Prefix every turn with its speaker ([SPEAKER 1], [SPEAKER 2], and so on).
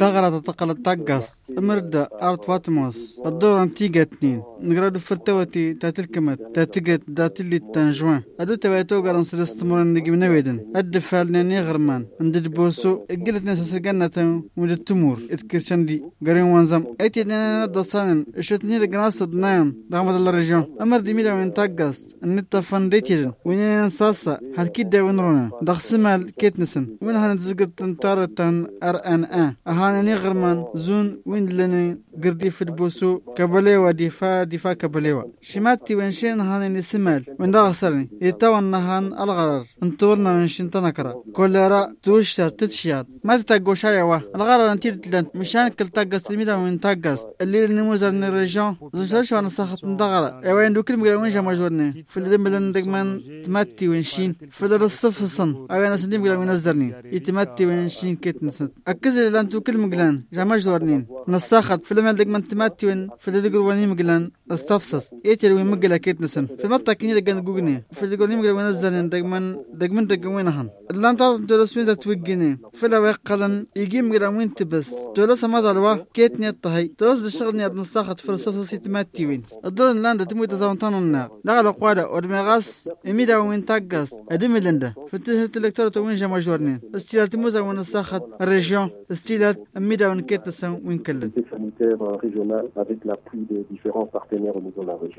[SPEAKER 1] تغرد تقل تقص مرد أرض فاتموس الدور أنتيجة اتنين نقرد فرتوتي تاتلكمت تاتجت داتلي التنجوان أدو تبعتو قرن سلستمر نجيب نويدن أدفال ناني غرمان عند البوسو قلت ناس سرقنا ود التمور إذكرشان دي قرين وانزم أيتي نانا دصان إشتني لقناص دنايم دغمد الله رجون أمر دي ميلا وين تقص النتا فان ريتيرن وين ساسا هالكيد دا وين رونا دخسمال كيت نسم وين هان تزقت تارتن ار ان ا هان نغرمن زون وين لنين قردي في البوسو كبليوا دفاع دفاع كبليوا شماتي ونشين هان السمال من دغسرني يتوان هان الغرر انتورنا ونشين تنكرا كل را توشتا تتشياد ما تتاقو شاريوا الغرر انتير تلان مشان كل تاقس تلميدا من تاقس الليل نموزر من الرجان زوشارش وانا صاحت ندغرا ايوان كل مقرا ونجا مجورني في الدم بلن دقمان تماتي ونشين في در الصف الصن ايوان اسندي مقرا ونزرني يتماتي ونشين كيت نسنت اكزل لان توكل مقلان جا مجورنين نصاخت في ونالدك من تماتيون فددق رواني مقلان استفسس يتر إيه وين مجلا كيت نسم في مطا كني دغن غوغني في دغن مجلا وين زنن دغمن دغمن دغمن هن لان تا تولس وين زت وغني في لا وقلن يجي مجلا وين تبس تولس ما دلوا كيت نيت طهي تولس دشغل ني ابن صاحت فلسفه سيت ماتي وين الدون لان دتمو تزونتن لا لا قوادا ودمغاس اميدا وين تاغاس ادملنده في تلكتور تو وين جما جورنين استيلات موزا وين نصاخت ريجيون استيلات اميدا وين كيت بس وين كلن au niveau de la région.